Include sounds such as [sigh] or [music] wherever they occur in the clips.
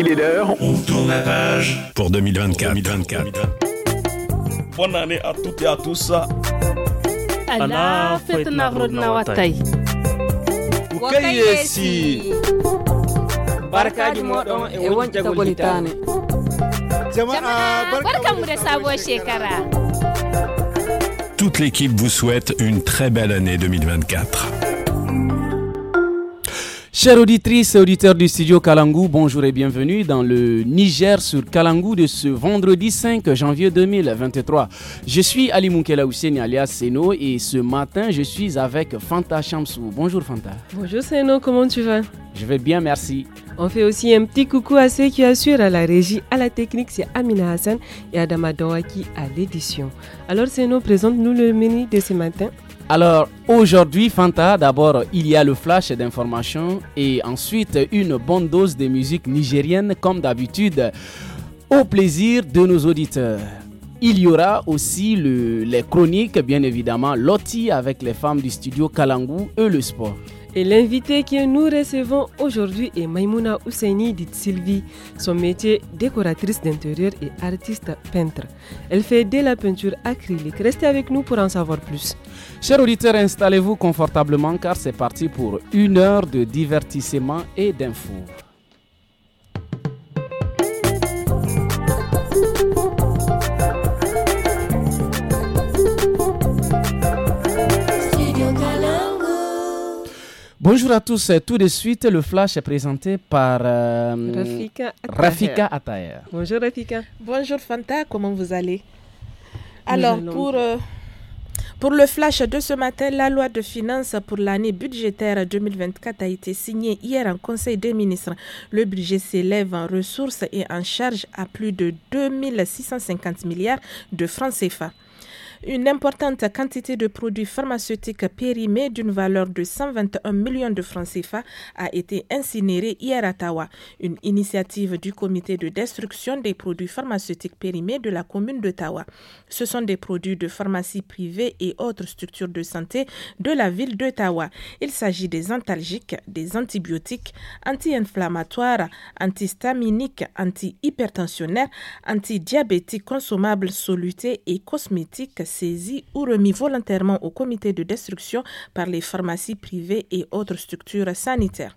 Il est l'heure. On tourne la page pour 2024. 2024. Bonne année à toutes et à tous. Allah fitna rodna watay. Ukayesi. Barkaji modon e wonta golitane. Jama'a barkamu da e sabuwar shekara. Toute l'équipe vous souhaite une très belle année 2024. Chères auditrices et auditeurs du studio Kalangou, bonjour et bienvenue dans le Niger sur Kalangou de ce vendredi 5 janvier 2023. Je suis Ali Moukela alias Seno et ce matin je suis avec Fanta Chamsou. Bonjour Fanta. Bonjour Seno, comment tu vas Je vais bien, merci. On fait aussi un petit coucou à ceux qui assurent à la régie, à la technique, c'est Amina Hassan et Adama Dawaki à l'édition. Alors Seno, présente-nous le menu de ce matin. Alors aujourd'hui, Fanta, d'abord il y a le flash d'informations et ensuite une bonne dose de musique nigérienne comme d'habitude au plaisir de nos auditeurs. Il y aura aussi les chroniques, bien évidemment, Lotti avec les femmes du studio Kalangu et le sport. Et l'invité que nous recevons aujourd'hui est Maimouna Ousseini dit Sylvie. Son métier, décoratrice d'intérieur et artiste peintre. Elle fait de la peinture acrylique. Restez avec nous pour en savoir plus. Chers auditeurs, installez-vous confortablement car c'est parti pour une heure de divertissement et d'infos. Bonjour à tous. Tout de suite, le flash est présenté par euh, Rafika, Ataya. Bonjour Rafika. Bonjour Fanta, comment vous allez Alors, pour, euh, pour le flash de ce matin, la loi de finances pour l'année budgétaire 2024 a été signée hier en Conseil des ministres. Le budget s'élève en ressources et en charges à plus de 2650 milliards de francs CFA. Une importante quantité de produits pharmaceutiques périmés d'une valeur de 121 millions de francs CFA a été incinérée hier à Tawa. Une initiative du comité de destruction des produits pharmaceutiques périmés de la commune de Tawa. Ce sont des produits de pharmacie privée et autres structures de santé de la ville de Tawa. Il s'agit des antalgiques, des antibiotiques, anti-inflammatoires, antihistaminiques, anti-hypertensionnaires, antidiabétiques consommables, solutés et cosmétiques saisis ou remis volontairement au comité de destruction par les pharmacies privées et autres structures sanitaires.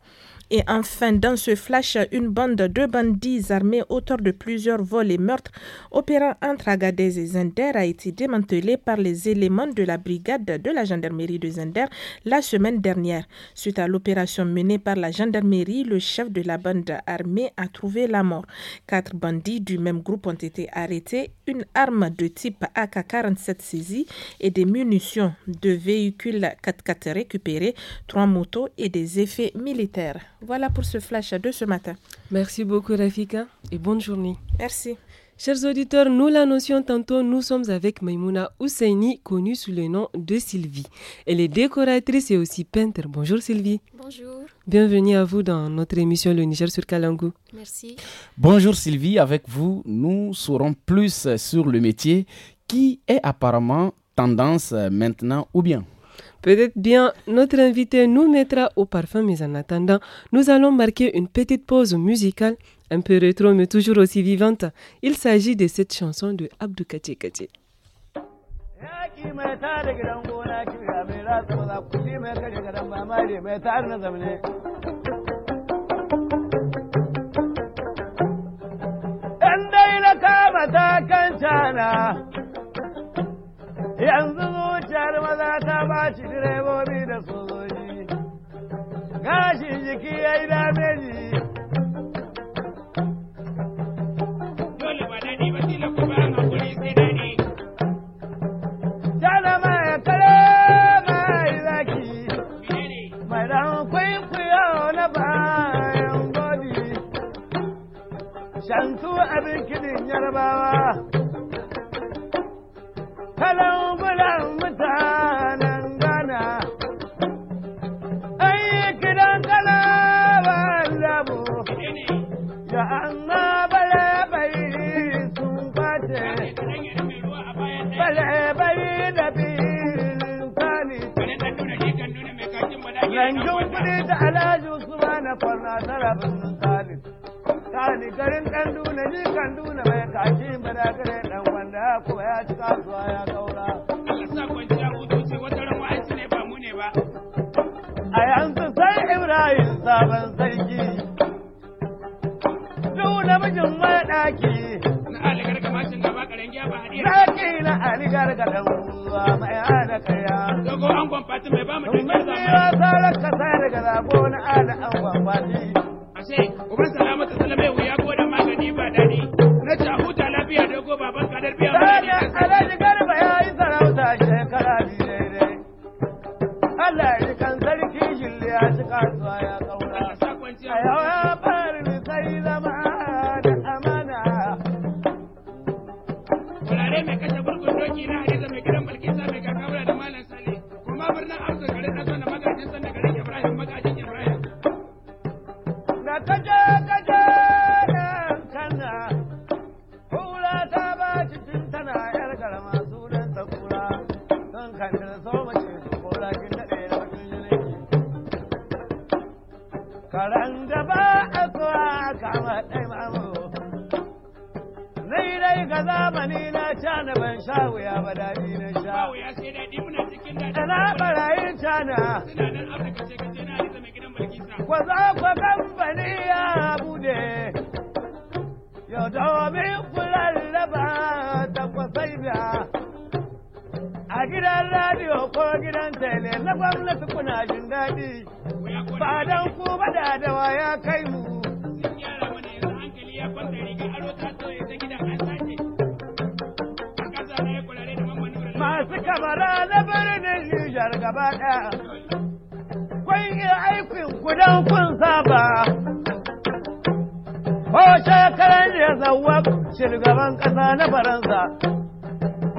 Et enfin, dans ce flash, une bande de bandits armés auteurs de plusieurs vols et meurtres opérant entre Agadez et Zender a été démantelée par les éléments de la brigade de la gendarmerie de Zender la semaine dernière. Suite à l'opération menée par la gendarmerie, le chef de la bande armée a trouvé la mort. Quatre bandits du même groupe ont été arrêtés, une arme de type AK-47 saisie et des munitions, deux véhicules 4x4 récupérés, trois motos et des effets militaires. Voilà pour ce flash de ce matin. Merci beaucoup Rafika et bonne journée. Merci. Chers auditeurs, nous la notion tantôt, nous sommes avec Maimouna Ousseini, connue sous le nom de Sylvie. Elle est décoratrice et aussi peintre. Bonjour Sylvie. Bonjour. Bienvenue à vous dans notre émission Le Niger sur Kalangou. Merci. Bonjour Sylvie, avec vous, nous saurons plus sur le métier qui est apparemment tendance maintenant ou bien. Peut-être bien notre invité nous mettra au parfum, mais en attendant, nous allons marquer une petite pause musicale, un peu rétro mais toujours aussi vivante. Il s'agit de cette chanson de Abdou Kati Kati. yanzu zuciyar maza ta baci direbobi da sojoji gashin jiki ya yi dameji dole ba daɗi ba tila kwaikwayo na bayan godi shantu abin kidin yarbawa salon bulan mutanen Ghana. An yi kidan kalaban labu, kuɗi da alhaji Usman na kani garin ɗan duna ji kan duna mai kashi bada gare dan wanda ko ya ci kasuwa ya kaura. sa kwanciya hutu ce wata ran wa'ansu ne ba mu ne ba. A yanzu sai Ibrahim sabon sarki. na mijin mai ɗaki. Na aligar ga mashin da ba karen giya ba haɗe. Ɗaki na aligar ga dan uwa mai hada kaya. Dogo angon fati mai ba mu ɗan zama. Mun biya sarar kasa daga zabo na ala angon fati. Ashe, uban salamata salam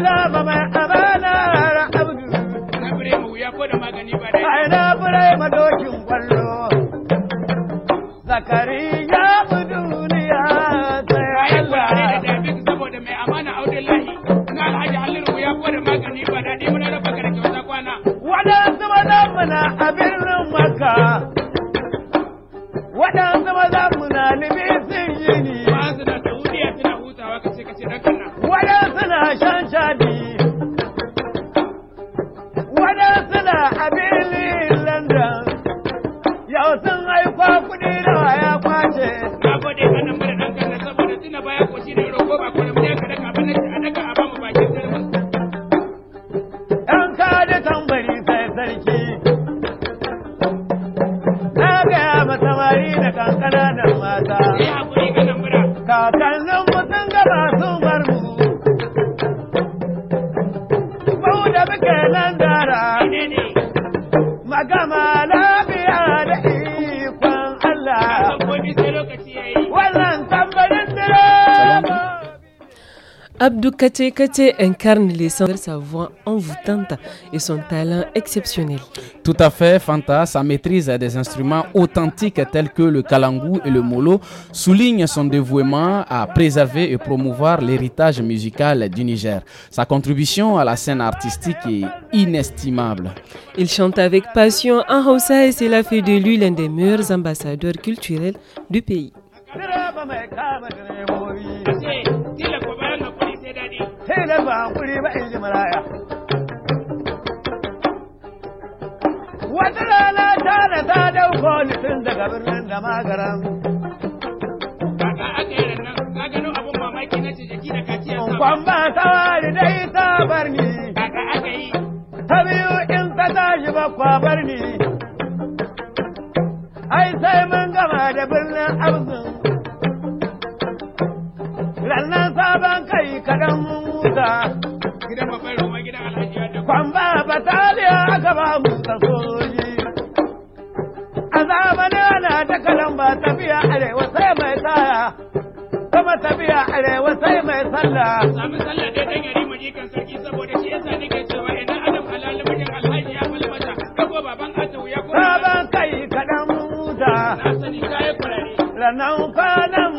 love of my Kate Kate incarne l'essence de sa voix envoûtante et son talent exceptionnel. Tout à fait, Fanta, sa maîtrise des instruments authentiques tels que le kalangu et le molo souligne son dévouement à préserver et promouvoir l'héritage musical du Niger. Sa contribution à la scène artistique est inestimable. Il chante avec passion en Hausa et cela fait de lui l'un des meilleurs ambassadeurs culturels du pays. ni da ba hankuri ba in ji maraya wata rana ta da ta dauko daga birnin da magaran Kwan ba ta da ita ta biyu in ta tashi ba kwa ni. ai sai mun gama da birnin arzin lallan sabon kai kaɗan musa. Gidan babban Roma gidan a Yadda. Kwamba bataliya aka ba mu ta soji. A zamanin ana ta kalan ba tafiya arewa sai mai taya. Kuma tafiya arewa sai mai sallah. cewa Sabon kai kaɗan Na sani kayi kurare. Ranan kwanan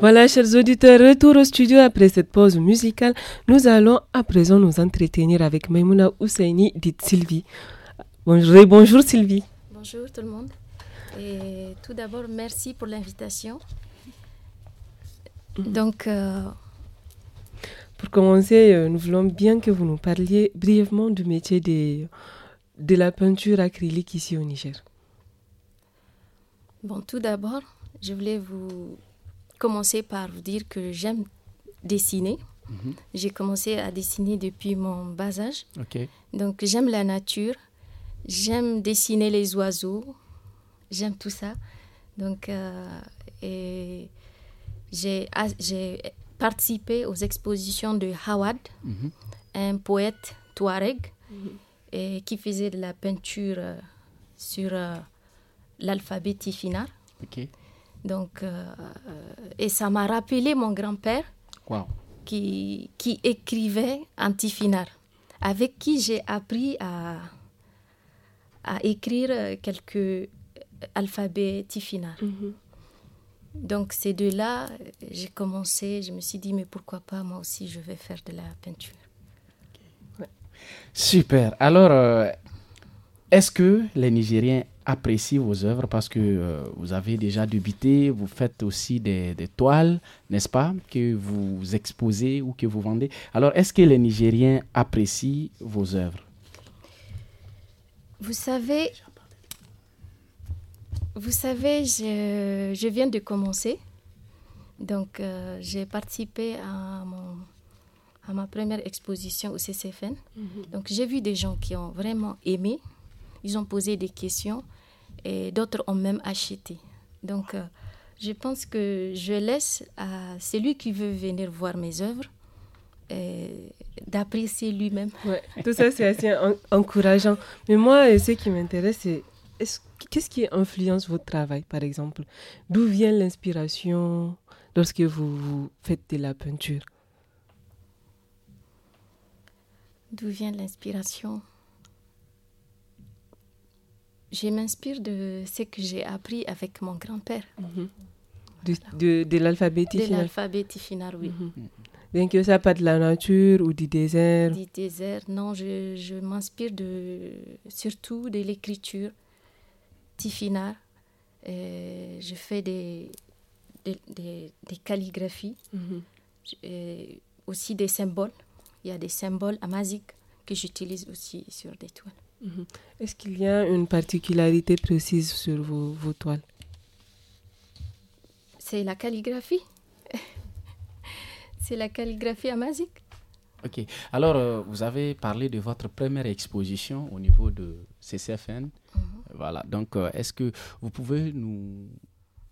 Voilà, chers auditeurs, retour au studio après cette pause musicale. Nous allons à présent nous entretenir avec Maimouna Ousseini, dite Sylvie. Bonjour, bonjour Sylvie bonjour tout le monde. Et tout d'abord, merci pour l'invitation. Mhm. Donc, euh, pour commencer, euh, nous voulons bien que vous nous parliez brièvement du métier des, de la peinture acrylique ici au Niger. Bon, tout d'abord, je voulais vous commencer par vous dire que j'aime dessiner. Mhm. J'ai commencé à dessiner depuis mon bas âge. Donc j'aime la nature, J'aime dessiner les oiseaux, j'aime tout ça. Donc, euh, j'ai participé aux expositions de Hawad, mhm. un poète touareg, mhm. et qui faisait de la peinture euh, sur euh, l'alphabet tifinagh. OK. Donc, et ça m'a rappelé mon grand-père qui, qui écrivait en tifinagh, avec qui j'ai appris à à écrire quelques alphabets tifinards. Mhm. Donc ces deux-là, j'ai commencé, je me suis dit, mais pourquoi pas, moi aussi, je vais faire de la peinture. Super. Alors, euh, est-ce que les Nigériens apprécient vos œuvres parce que euh, vous avez déjà débuté, vous faites aussi des, des toiles, n'est-ce pas, que vous exposez ou que vous vendez. Alors, est-ce que les Nigériens apprécient vos œuvres vous savez, vous savez, je, je viens de commencer. Donc, euh, j'ai participé à, mon, à, ma première exposition au CCFN. Mhm. Donc, j'ai vu des gens qui ont vraiment aimé. Ils ont posé des questions et d'autres ont même acheté. Donc, euh, je pense que je laisse à celui qui veut venir voir mes œuvres euh, d'apprécier lui-même. Ouais, tout ça, c'est assez encourageant. Mais moi, euh, ce qui m'intéresse, c'est qu'est-ce qui influence votre travail, par exemple D'où vient l'inspiration lorsque vous, faites de la peinture D'où vient l'inspiration Je m'inspire de ce que j'ai appris avec mon grand-père. Mm-hmm. De, l'alphabet De l'alphabet oui. Mm-hmm. Bien que ça pas de la nature ou du désert. Du désert, non, je, je m'inspire de, surtout de l'écriture. Tifina, euh, je fais des, des, des, calligraphies, mhm. euh, aussi des symboles. Il y a des symboles amaziques que j'utilise aussi sur des toiles. Mhm. Est-ce qu'il y a une particularité précise sur vos, vos toiles C'est la calligraphie. [laughs] C'est la calligraphie amazique. Ok. Alors, euh, vous avez parlé de votre première exposition au niveau de CCFN. Mhm. Voilà. Donc, euh, est-ce que vous pouvez nous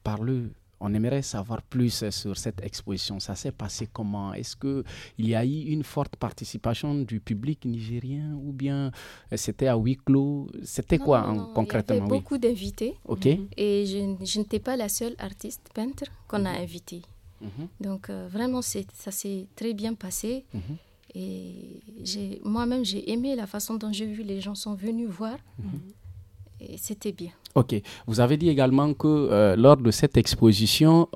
parler on aimerait savoir plus euh, sur cette exposition. Ça s'est passé comment Est-ce qu'il y a eu une forte participation du public nigérien ou bien c'était à huis clos C'était quoi concrètement hein, Il y avait beaucoup d'invités. Ok. Et je, je n'étais pas la seule artiste peintre qu'on a mhm. invitée. Mhm. Donc euh, vraiment, ça s'est très bien passé. Mhm. Et j'ai, moi-même, j'ai aimé la façon dont j'ai vu les gens sont venus voir. Mhm. Et c'était bien. Ok. Vous avez dit également que euh, lors de cette exposition,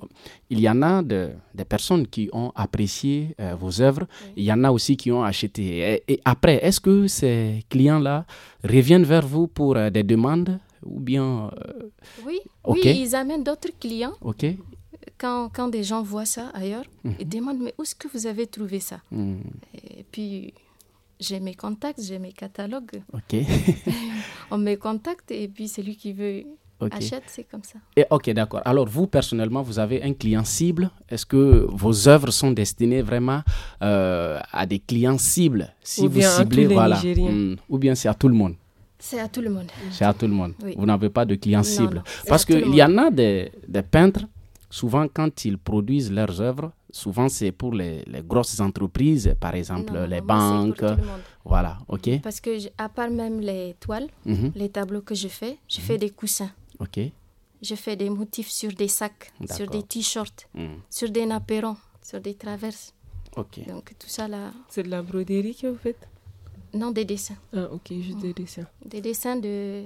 il y en a de, des personnes qui ont apprécié euh, vos œuvres. Il y en a aussi qui ont acheté. Et, après, est-ce que ces clients-là reviennent vers vous pour des demandes ou bien Oui. oui, ils amènent d'autres clients. Ok quand, quand, des gens voient ça ailleurs, hmm. ils demandent mais où est-ce que vous avez trouvé ça hmm. Et puis j'ai mes contacts, j'ai mes catalogues. Ok. [laughs] On me contacte et puis celui qui veut achète, c'est comme ça. Et ok, d'accord. Alors vous personnellement, vous avez un client cible. Est-ce que vos œuvres sont destinées vraiment euh, à des clients cibles Si ou bien vous ciblez, à voilà. Hmm. Ou bien c'est à tout le monde. C'est à tout le monde. C'est à tout le monde. Vous n'avez pas de clients cibles. Parce qu'il y en a des, des peintres souvent quand ils produisent leurs œuvres, souvent c'est pour les, grosses entreprises, par exemple les banques. Voilà, ok. Mhm. Parce que à part même les toiles, mhm. les tableaux que je fais, je mhm. fais des coussins. Ok. Je fais des motifs sur des sacs, sur des t-shirts, sur des napérons, sur des traverses. Ok. Donc tout ça là. C'est de la broderie que vous faites Non, des dessins. Ah ok, juste des dessins. Des dessins de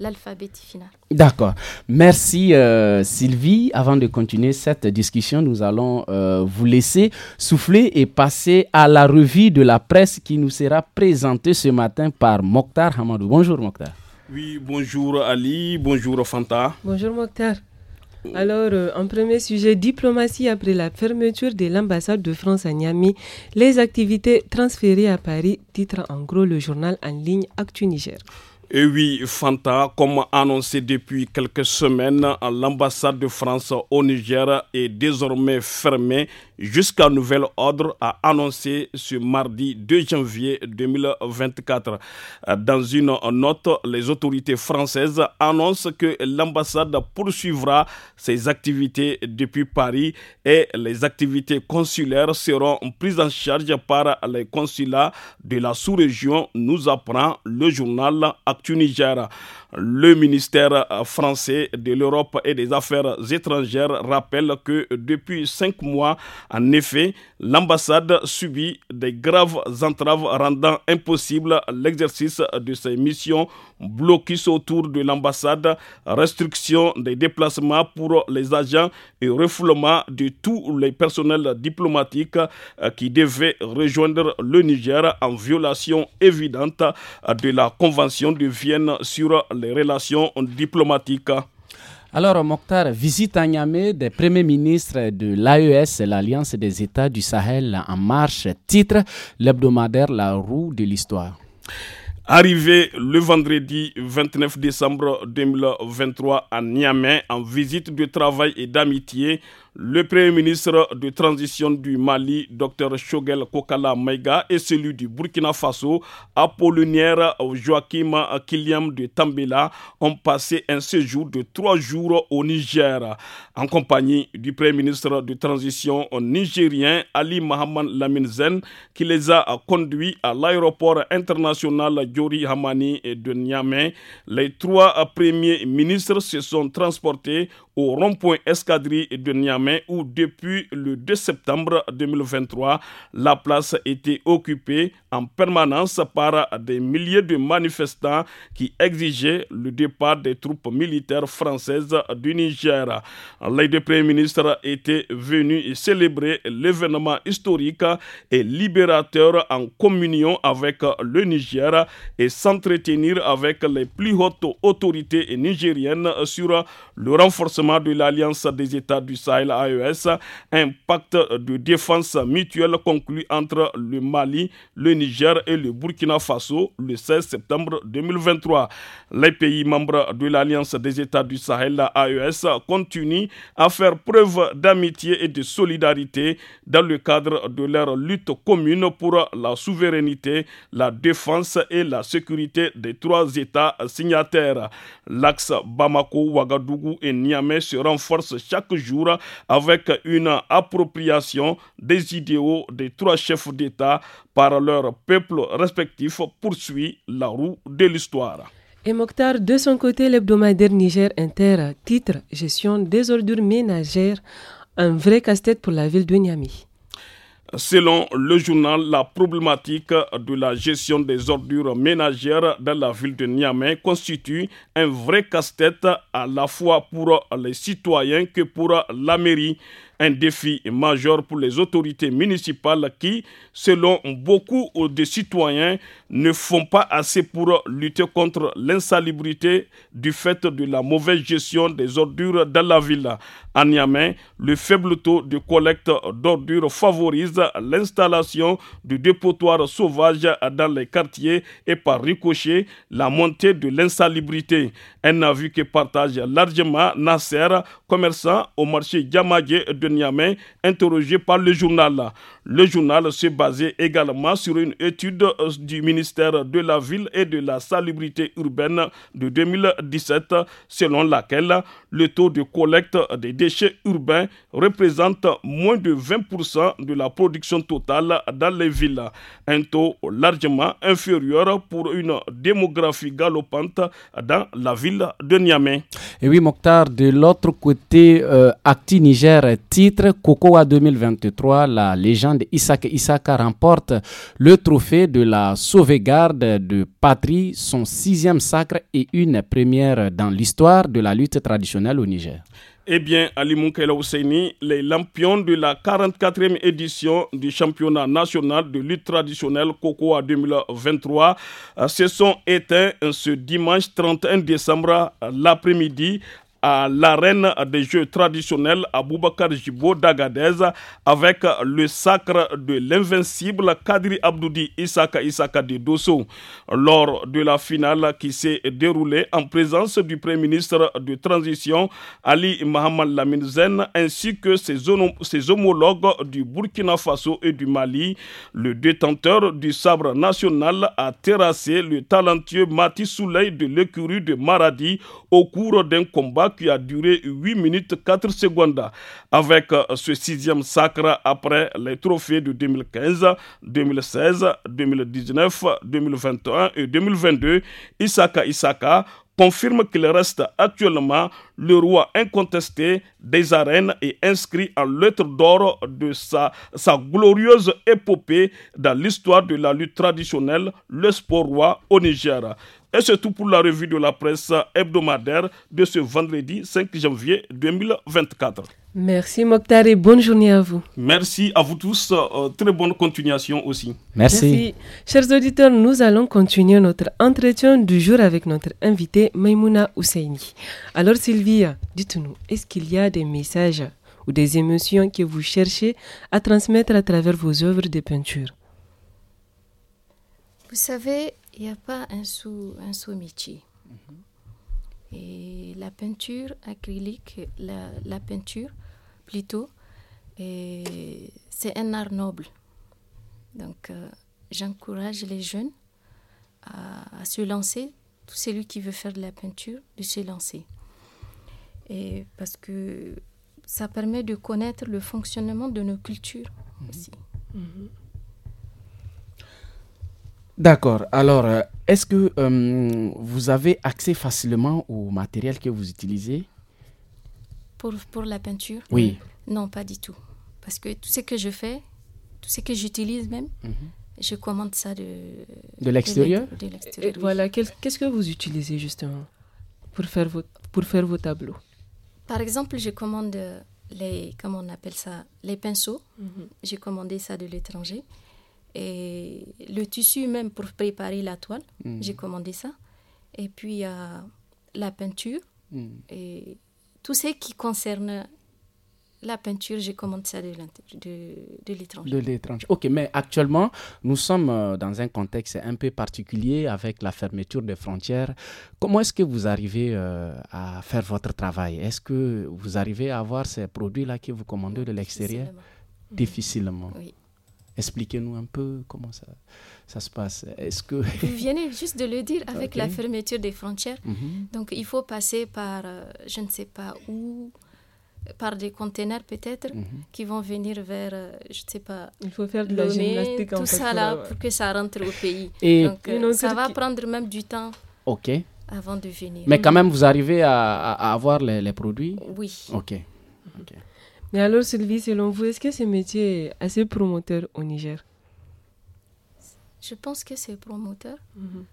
L'alphabet final. D'accord. Merci euh, Sylvie. Avant de continuer cette discussion, nous allons euh, vous laisser souffler et passer à la revue de la presse qui nous sera présentée ce matin par Mokhtar Hamadou. Bonjour Mokhtar. Oui, bonjour Ali, bonjour Fanta. Bonjour Mokhtar. Alors, euh, en premier sujet, diplomatie après la fermeture de l'ambassade de France à Niamey, les activités transférées à Paris, titre en gros le journal en ligne Actu Niger. Et oui, Fanta, comme annoncé depuis quelques semaines, l'ambassade de France au Niger est désormais fermée jusqu'à nouvel ordre, a annoncé ce mardi 2 janvier 2024. Dans une note, les autorités françaises annoncent que l'ambassade poursuivra ses activités depuis Paris et les activités consulaires seront prises en charge par les consulats de la sous-région, nous apprend le journal actuel. Tunisia. Le ministère euh, français de l'Europe et des Affaires étrangères rappelle que depuis cinq mois, en effet, l'ambassade subit des graves entraves rendant impossible l'exercice de ses missions, blocus autour de l'ambassade, restriction des déplacements pour les agents et refoulement de tous les personnels diplomatiques euh, qui devaient rejoindre le Niger en violation évidente de la Convention de Vienne sur les relations diplomatiques. Alors, Mokhtar, visite à Niamey des premiers ministres de l'AES, l'Alliance des États du Sahel en marche, titre l'hebdomadaire La roue de l'histoire. Arrivé le vendredi 29 décembre 2023 à Niamey en visite de travail et d'amitié, le Premier ministre de transition du Mali, Dr Shogel Kokala Maïga, et celui du Burkina Faso, Apollinaire Joachim Kiliam de Tambela, ont passé un séjour de trois jours au Niger, en compagnie du Premier ministre de transition nigérien, Ali Mohamed Laminzen, qui les a conduits à l'aéroport international Jori Hamani de Niamey. Les trois premiers ministres se sont transportés au rond-point Escadrille de Niamey où depuis le 2 septembre 2023, la place était occupée en permanence par des milliers de manifestants qui exigeaient le départ des troupes militaires françaises du Niger. Les deux premiers ministres étaient venus célébrer l'événement historique et libérateur en communion avec le Niger et s'entretenir avec les plus hautes autorités nigériennes sur le renforcement de l'Alliance des États du Sahel AES, un pacte de défense mutuelle conclu entre le Mali, le Niger et le Burkina Faso le 16 septembre 2023. Les pays membres de l'Alliance des États du Sahel AES continuent à faire preuve d'amitié et de solidarité dans le cadre de leur lutte commune pour la souveraineté, la défense et la sécurité des trois États signataires. L'axe Bamako, Ouagadougou et Niamey se renforce chaque jour avec une appropriation des idéaux des trois chefs d'État par leurs peuples respectifs, poursuit la roue de l'histoire. Et Mokhtar, de son côté, l'hebdomadaire Niger Inter titre Gestion des ordures ménagères, un vrai casse-tête pour la ville de Niamey. Selon le journal, la problématique de la gestion des ordures ménagères dans la ville de Niamey constitue un vrai casse-tête à la fois pour les citoyens que pour la mairie. Un défi majeur pour les autorités municipales qui, selon beaucoup de citoyens, ne font pas assez pour lutter contre l'insalubrité du fait de la mauvaise gestion des ordures dans la ville. À Niamey, le faible taux de collecte d'ordures favorise l'installation de dépotoirs sauvages dans les quartiers et par ricochet la montée de l'insalubrité. Un avis que partage largement Nasser, commerçant au marché jamadé de Niamey, interrogé par le journal. Le journal se basait également sur une étude euh, du ministère de la Ville et de la Salubrité urbaine de 2017, selon laquelle le taux de collecte des déchets urbains représente moins de 20% de la production totale dans les villes, un taux largement inférieur pour une démographie galopante dans la ville de Niamey. Et oui, Mokhtar, de l'autre côté, euh, Acti Niger titre Cocoa 2023, la légende de Isaka remporte le trophée de la sauvegarde de patrie, son sixième sacre et une première dans l'histoire de la lutte traditionnelle au Niger. Eh bien, Ali Moukela Ousseini, les lampions de la 44e édition du championnat national de lutte traditionnelle Cocoa 2023 euh, se sont éteints euh, ce dimanche 31 décembre euh, l'après-midi à l'arène des jeux traditionnels à Boubacar Jibo d'Agadez avec le sacre de l'invincible Kadri Abdoudi Isaka Isaka de Dosso. Lors de la finale qui s'est déroulée en présence du Premier ministre de Transition Ali Mohamed laminzen ainsi que ses, homologues du Burkina Faso et du Mali, le détenteur du sabre national a terrassé le talentueux Mati Souley de l'écurie de Maradi au cours d'un combat qui a duré 8 minutes 4 secondes. Avec euh, ce sixième sacre après les trophées de 2015, 2016, 2019, 2021 et 2022, Isaka Isaka confirme qu'il reste actuellement le roi incontesté des arènes et inscrit en lettres d'or de sa, sa glorieuse épopée dans l'histoire de la lutte traditionnelle, le sport roi au Niger. Et c'est tout pour la revue de la presse hebdomadaire de ce vendredi 5 janvier 2024. Merci Mokhtar et bonne journée à vous. Merci à vous tous. Euh, très bonne continuation aussi. Merci. Merci. Chers auditeurs, nous allons continuer notre entretien du jour avec notre invité Maimouna Ousseini. Alors Sylvia, dites-nous, est-ce qu'il y a des messages ou des émotions que vous cherchez à transmettre à travers vos œuvres de peinture Vous savez, il n'y a pas un sou, un mhm. Et la peinture acrylique, la, peinture plutôt, c'est un art noble. Donc euh, j'encourage les jeunes à, se lancer, tout celui qui veut faire de la peinture, de se lancer. Et parce que ça permet de connaître le fonctionnement de nos cultures mhm. aussi. Mhm. D'accord. Alors, euh, est-ce que euh, vous avez accès facilement au matériel que vous utilisez pour, la peinture Oui. Non, pas du tout. Parce que tout ce que je fais, tout ce que j'utilise même, mhm. je commande ça de... l'extérieur Voilà, qu'est-ce que vous utilisez justement pour faire vos, tableaux Par exemple, je commande euh, les, comment on appelle ça, les pinceaux. Mhm. J'ai commandé ça de l'étranger et le tissu même pour préparer la toile. Mm. J'ai commandé ça. Et puis euh, la peinture mm. et tout ce qui concerne la peinture, j'ai commandé ça de l'étranger. De, de l'étranger. Ok, mais actuellement, nous sommes euh, dans un contexte un peu particulier avec la fermeture des frontières. Comment est-ce que vous arrivez euh, à faire votre travail Est-ce que vous arrivez à avoir ces produits-là que vous commandez de l'extérieur Difficilement. Difficilement. Oui. Expliquez-nous un peu comment ça, ça se passe. Est-ce que... [laughs] Vous venez juste de le dire avec la fermeture des frontières. Mhm. Donc il faut passer par, euh, je ne sais pas où, par des containers peut-être mhm. qui vont venir vers, euh, je ne sais pas, il faut faire de la gymnastique tout ça là euh, pour que ça rentre au pays. Et Donc ça va prendre même du temps. Ok. Avant de venir. Mais quand même, vous arrivez à, avoir les, produits Oui. Ok. ok. Mais alors, Sylvie, selon vous, est-ce que ce métier est assez promoteur au Niger Je pense que c'est promoteur, mhm.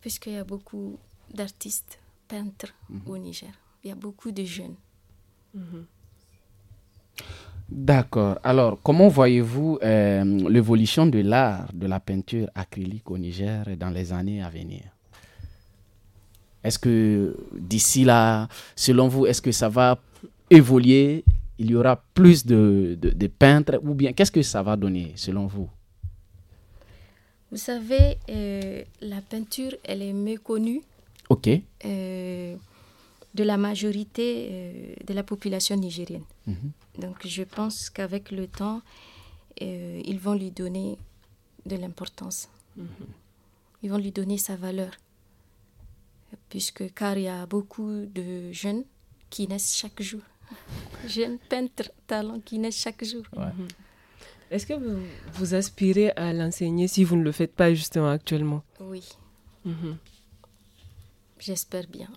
puisqu'il y a beaucoup d'artistes peintres mhm. au Niger. Il y a beaucoup de jeunes. Mhm. D'accord. Alors, comment voyez-vous euh, l'évolution de l'art de la peinture acrylique au Niger dans les années à venir Est-ce que d'ici là, selon vous, est-ce que ça va évoluer il y aura plus de, peintres ou bien qu'est-ce que ça va donner selon vous Vous savez, euh, la peinture, elle est méconnue. Ok. Euh, de la majorité euh, de la population nigérienne. Mhm. Donc je pense qu'avec le temps, ils vont lui donner de l'importance. Mhm. Ils vont lui donner sa valeur. Puisque car il y a beaucoup de jeunes qui naissent chaque jour J'aime peintre talent qui naît chaque jour. Mhm. Est-ce que vous, aspirez à l'enseigner si vous ne le faites pas justement actuellement Oui. Mhm. J'espère bien.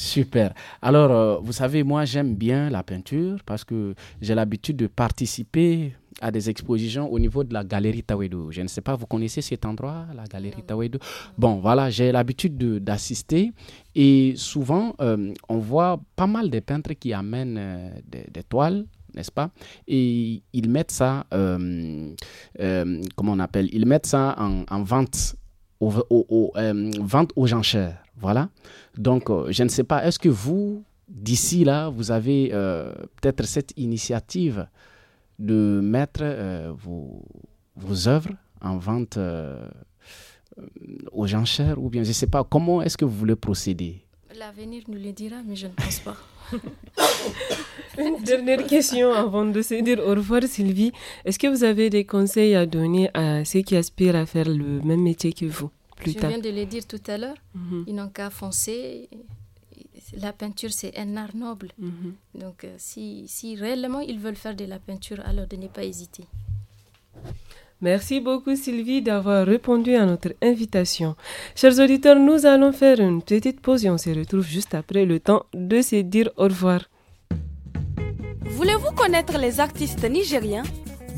Super. Alors, euh, vous savez, moi, j'aime bien la peinture parce que j'ai l'habitude de participer à des expositions au niveau de la galerie Tawedo. Je ne sais pas, vous connaissez cet endroit, la galerie Tawedo Bon, voilà, j'ai l'habitude d'assister et souvent, euh, on voit pas mal de peintres qui amènent euh, des, toiles n'est-ce pas Et ils mettent ça, comment on appelle Ils mettent ça en, vente, vente aux enchères. Voilà. Donc, euh, je ne sais pas, est-ce que vous, d'ici là, vous avez euh, peut-être cette initiative de mettre euh, vos, œuvres en vente aux aux chers ou bien je ne sais pas, comment est-ce que vous voulez procéder L'avenir nous le dira, mais je ne pense pas. [laughs] Une dernière question avant de se dire au revoir, Sylvie. Est-ce que vous avez des conseils à donner à ceux qui aspirent à faire le même métier que vous je viens de le dire tout à l'heure, mhm. ils n'ont qu'à foncer. La peinture, c'est un art noble. Mhm. Donc, euh, si, si réellement ils veulent faire de la peinture, alors de ne pas hésiter. Merci beaucoup Sylvie d'avoir répondu à notre invitation. Chers auditeurs, nous allons faire une petite pause et on se retrouve juste après le temps de se dire au revoir. Voulez-vous connaître les artistes nigériens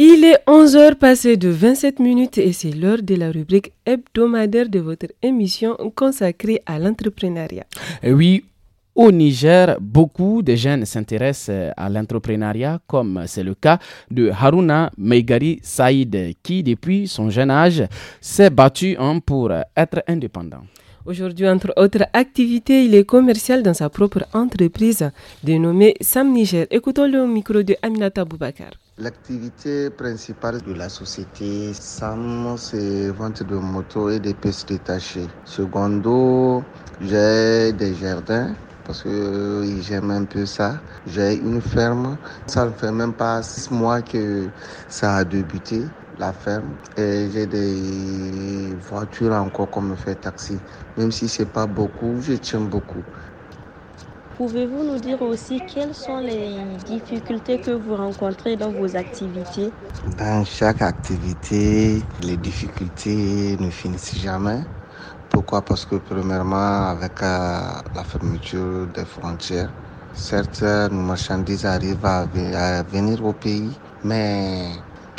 Il est 11h passé de 27 minutes et c'est l'heure de la rubrique hebdomadaire de votre émission consacrée à l'entrepreneuriat. Eh oui, au Niger, beaucoup de jeunes s'intéressent euh, à l'entrepreneuriat, comme c'est le cas de Haruna Meigari Saïd, qui, depuis son jeune âge, s'est battu hein, pour être indépendant. Aujourd'hui, entre autres activités, il est commercial dans sa propre entreprise dénommée Sam Niger. Écoutons le micro de Aminata Boubacar. L'activité principale de la société SAM, c'est vente de motos et de pièces détachées. Secondo, j'ai des jardins parce que euh, j'aime un peu ça. J'ai une ferme. Ça ne fait même pas six mois que ça a débuté la ferme et j'ai des voitures encore qu'on me fait taxi. Même si c'est pas beaucoup, je tiens beaucoup. Pouvez-vous nous dire aussi quelles sont les difficultés que vous rencontrez dans vos activités Dans chaque activité, les difficultés ne finissent jamais. Pourquoi Parce que premièrement, avec euh, la fermeture des frontières, certaines euh, marchandises arrivent à venir au pays, mais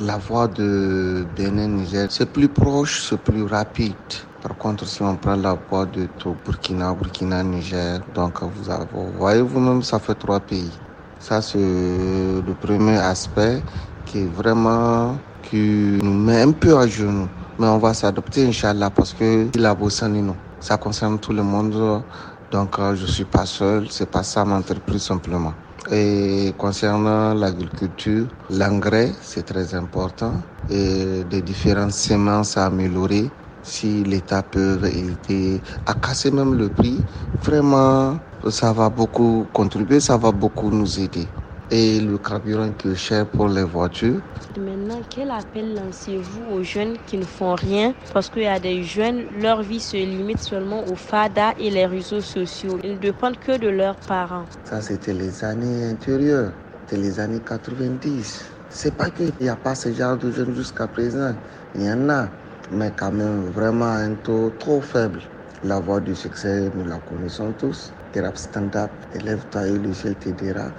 la voie de Bénin-Niger, c'est plus proche, c'est plus rapide. Par contre, si on prend la voie de Burkina, Burkina, Niger, donc vous, avez, voyez vous-même, ça fait trois pays. Ça, c'est le premier aspect qui est vraiment qui nous met un peu à genoux. Mais on va s'adopter, Inch'Allah, parce que la nous. ça concerne tout le monde. Donc, euh, je suis pas seul, c'est pas ça mon entreprise, simplement. Et concernant l'agriculture, l'engrais, c'est très important. Et des différentes semences à améliorer si l'État peut aider à casser même le prix. Vraiment, ça va beaucoup contribuer, ça va beaucoup nous aider et le carburant est cher pour les voitures. Maintenant, quel appel lancez-vous aux jeunes qui ne font rien Parce qu'il y a des jeunes, leur vie se limite seulement aux fadas et les réseaux sociaux. Ils ne dépendent que de leurs parents. Ça, c'était les années intérieures, c'était les années 90. C'est pas qu'il n'y a pas ce genre de jeunes jusqu'à présent. Il y en a, mais quand même vraiment un taux trop faible. La voie du succès, nous la connaissons tous stand-up, élève-toi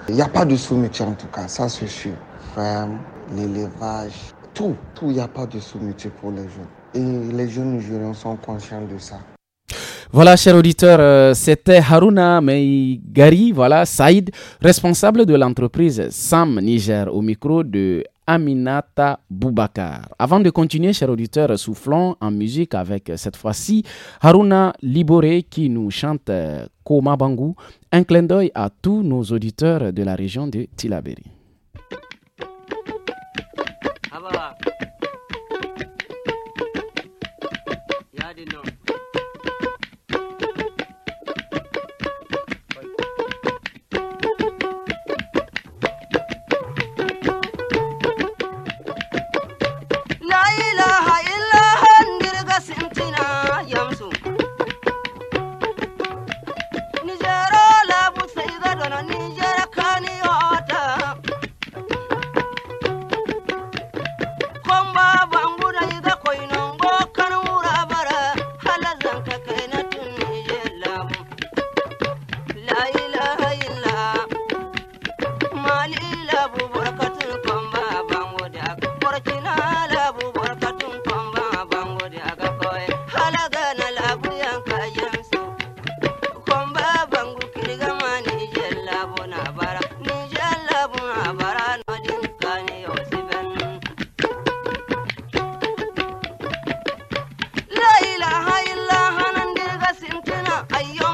Il n'y a pas de sous en tout cas, ça c'est sûr. Ferme, l'élevage, tout, tout, il n'y a pas de sous-métier pour les jeunes. Et les jeunes Nigériens sont conscients de ça. Voilà, chers auditeurs, euh, c'était Haruna Meigari, voilà, Saïd, responsable de l'entreprise SAM Niger, au micro de Aminata Boubakar. Avant de continuer, chers auditeurs, soufflons en musique avec euh, cette fois-ci Haruna Liboré qui nous chante euh, Koma un clin d'œil à tous nos auditeurs de la région de Tilaberi. ay, yo.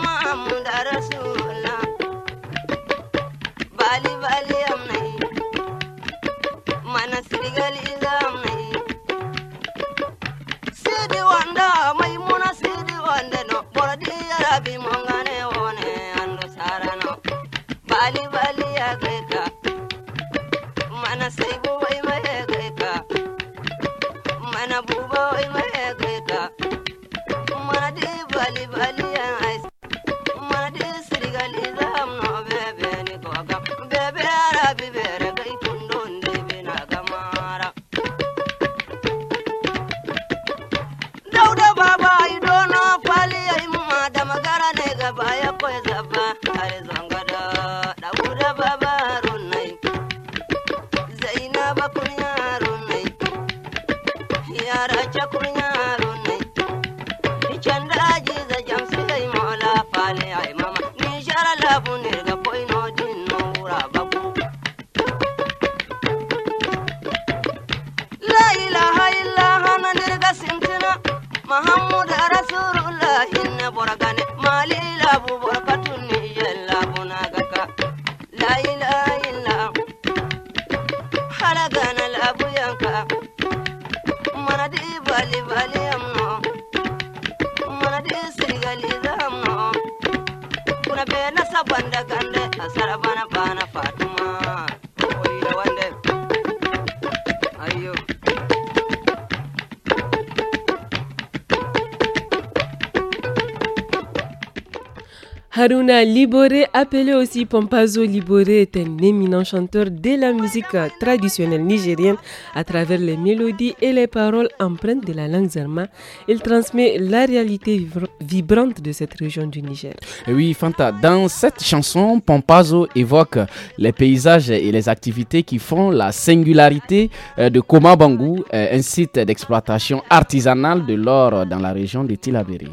Fanta Liboré, appelé aussi Pompazo Liboré, est un éminent chanteur de la musique traditionnelle nigérienne à travers les mélodies et les paroles empreintes de la langue zerma, Il transmet la réalité vibrante de cette région du Niger. oui, Fanta, dans cette chanson, Pompazo évoque les paysages et les activités qui font la singularité euh, de Koma Bangou, euh, un site d'exploitation artisanale de l'or dans la région de Tilaberi.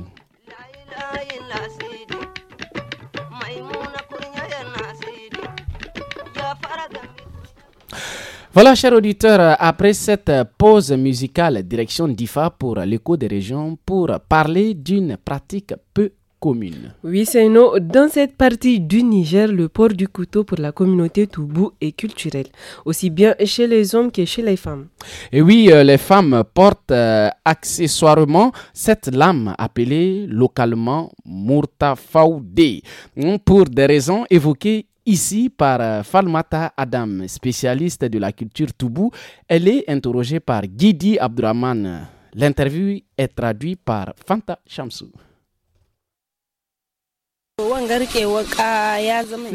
Voilà, chers auditeurs, après cette pause musicale, direction d'IFA pour l'écho des régions, pour parler d'une pratique peu commune. Oui, c'est non. Dans cette partie du Niger, le port du couteau pour la communauté Toubou est culturel, aussi bien chez les hommes que chez les femmes. Et oui, euh, les femmes portent euh, accessoirement cette lame appelée localement Murtafaoudé, hein, pour des raisons évoquées Ici, par euh, Falmata Adam, spécialiste de la culture Toubou, elle est interrogée par Gidi Abdurrahman. L'interview est traduite par Fanta Chamsou.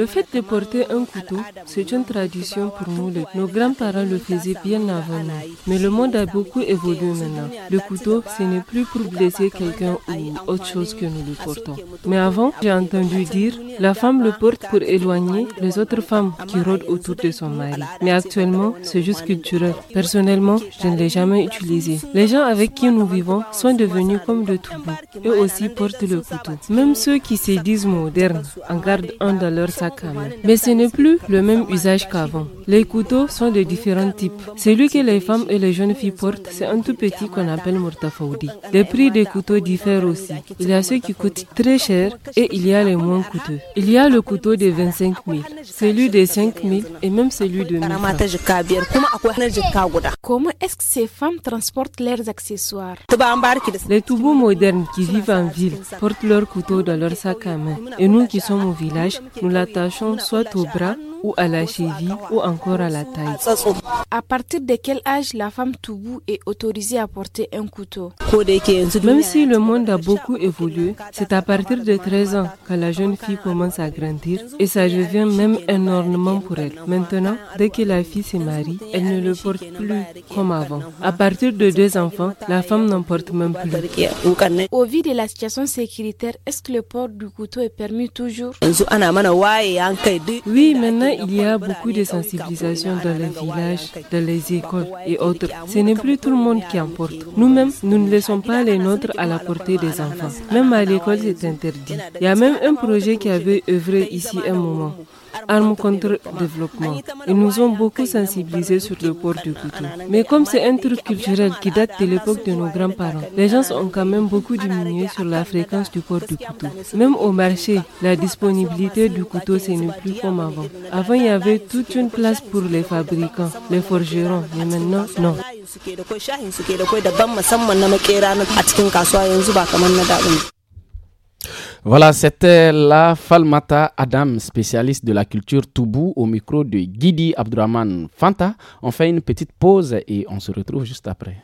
Le fait de porter un couteau, c'est une tradition pour nous. Nos grands-parents le faisaient bien avant nous. Mais le monde a beaucoup évolué maintenant. Le couteau, ce n'est plus pour blesser quelqu'un ou autre chose que nous le portons. Mais avant, j'ai entendu dire, la femme le porte pour éloigner les autres femmes qui rôdent autour de son mari. Mais actuellement, c'est juste culturel. Personnellement, je ne l'ai jamais utilisé. Les gens avec qui nous vivons sont devenus comme de tout Eux aussi portent le couteau. Même ceux qui se disent modernes en gardent un dans leur sac à main. Mais ce n'est plus le même usage qu'avant. Les couteaux sont de différents types. Celui que les femmes et les jeunes filles portent, c'est un tout petit qu'on appelle Murtafaoudi. Les prix des couteaux diffèrent aussi. Il y a ceux qui coûtent très cher et il y a les moins coûteux. Il y a le couteau de 25 000, celui de 5 000 et même celui de 1 000. Comment est-ce que ces femmes transportent leurs accessoires Les toubous modernes qui vivent en ville portent leurs couteaux dans leur sac à main. Et nous qui sommes au village, nous l'attachons soit au bras, ou à la cheville ou encore à la taille. À partir de quel âge la femme toubou est autorisée à porter un couteau Même si le monde a beaucoup évolué, c'est à partir de 13 ans que la jeune fille commence à grandir et ça devient même un ornement pour elle. Maintenant, dès que la fille se marie, elle ne le porte plus comme avant. À partir de deux enfants, la femme n'en porte même plus. Au vu de la situation sécuritaire, est-ce que le port du couteau est permis toujours Oui, maintenant il y a beaucoup de sensibilisation dans les villages, dans les écoles et autres. Ce n'est plus tout le monde qui emporte. Nous-mêmes, nous ne laissons pas les nôtres à la portée des enfants. Même à l'école, c'est interdit. Il y a même un projet qui avait œuvré ici un moment armes contre développement. Ils nous ont beaucoup sensibilisés sur le port du couteau. Mais comme c'est un truc culturel qui date de l'époque de nos grands-parents, les gens ont quand même beaucoup diminué sur la fréquence du port du couteau. Même au marché, la disponibilité du couteau, ce n'est plus comme avant. Avant, il y avait toute une place pour les fabricants, les forgerons, mais maintenant, non. Voilà, c'était la Falmata Adam, spécialiste de la culture Toubou, au micro de Gidi Abdurrahman Fanta. On fait une petite pause et on se retrouve juste après.